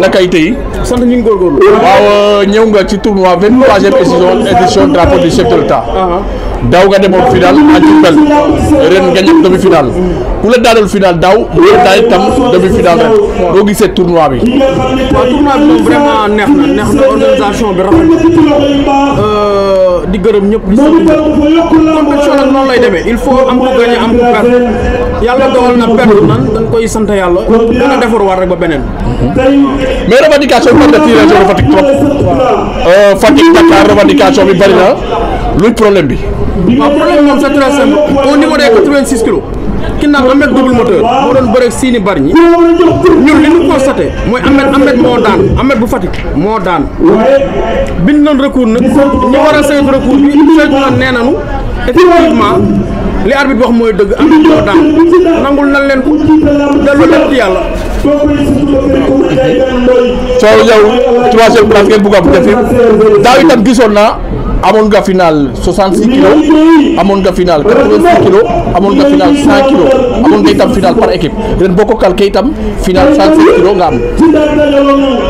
na kay tey ñu ngi góorgóorlu waaw euh, ñëw nga ci tournoi vingt-troisième édition édition drapeau du chef de l'État ah, ah. daaw nga demoon final à Diourbel ren nga ñëw demi final ku la daanal final daaw mu la daal itam demi final ren boo gisee tournoi bi waaw tournoi bi moom vraiment neex na neex na organisation bi rafet euh, di gërëm ñëpp di sant ñëpp compétition lay demee il faut am ko gagné am ko perdre yàlla dogal na perte nan dañ koy sant yàlla dana defar war rek ba beneen. mais revendication bi def ci région de Fatick trop. Euh, Fatick Dakar revendication bi bari na luy problème bi. waaw problème moom c'est très simple au niveau des 86 kilos. ki naan Ameth double moteur moo doon bëreeg Siny Bargny ñun li ñu constaté mooy Ameth Ameth moo daan Ameth bu Fatick moo daan bind nañ recours nag ñu war a saytu recours bi saytu na nee li arbitre wax mooy dëgg am na daan nangul nan leen ko dellu leen ci yàlla. soo yow troisième place ngeen bugg a def daaw itam gisoon naa amoon nga final 66 kilos amoon nga final 86 kilos amoon nga final 100 kilos amoon nga itam final par équipe ren boo ko calqué itam final 106 kilos nga am.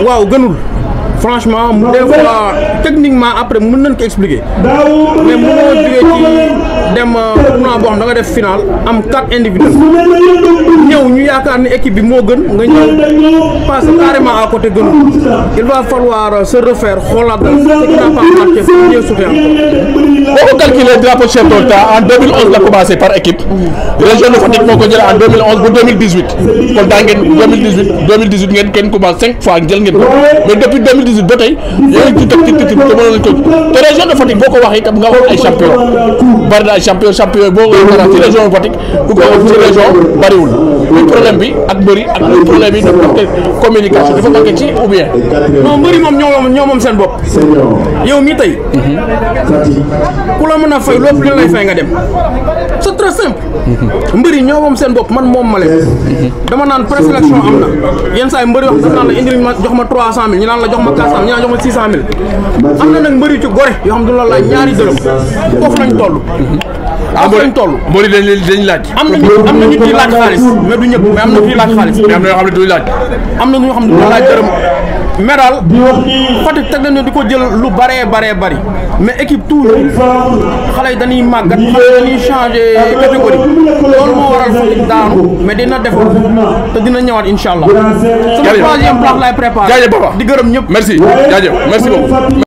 waaw gënul. franchement mu des techniquement après mën nañ expliquer mais mënoo jógee ci dem euh, final am quatre individuels ñëw ñu yaakaar ni équipe bi moo gën nga ñëw passe carrément à côté gënu il 2011 euh, la commencé par équipe région 2011 2018 kon daa 2018 2018 ngeen kenn commencé cinq fois jël mais depuis 2018 2018 ba tey yooyu ci teg ci titre bi te mënoon nañu ko te région de Fatick boo ko waxee itam nga wax ay champion bari na ay champion champion boo ko wax ci région bariwul muy problème bi ak mbëri ak muy problème yi dafa manqué moom ñoo moom seen bopp. yow mii tey. Mhm. ku la mën a fay lépp li lay fay nga dem. c'est très simple. mbir yi ñoo moom seen bopp man moom ma leen. dama naan présélection am na yenn saa yi mbër yoo xam naan la indil jox ma trois cent mille ñu naan la jox ma quatre cent mille ñu naan jox ma six cent mille am na nag mbër yu ci gore yoo xam du la laaj ñaari dërëm foofu lañ toll. waaw mooy mooy dañ leen dañ laaj. am na ñu am na ñu ciy laaj xaalis mais du ñëpp mais am na ñuy laaj xaalis. mais am na ñoo xam ne du laaj. am na ñoo xam ne du laaj di ko jël lu bëree bëree bëri mais équipe toujours xale yi dañuy màggat xale dañuy changé catégorie loolu moo waral Fatick daanu mais dina defar te dina ñëwaat incha sama troisième place laay préparé. jaajëf papa di gërëm ñëpp. merci jaajëf merci beaucoup.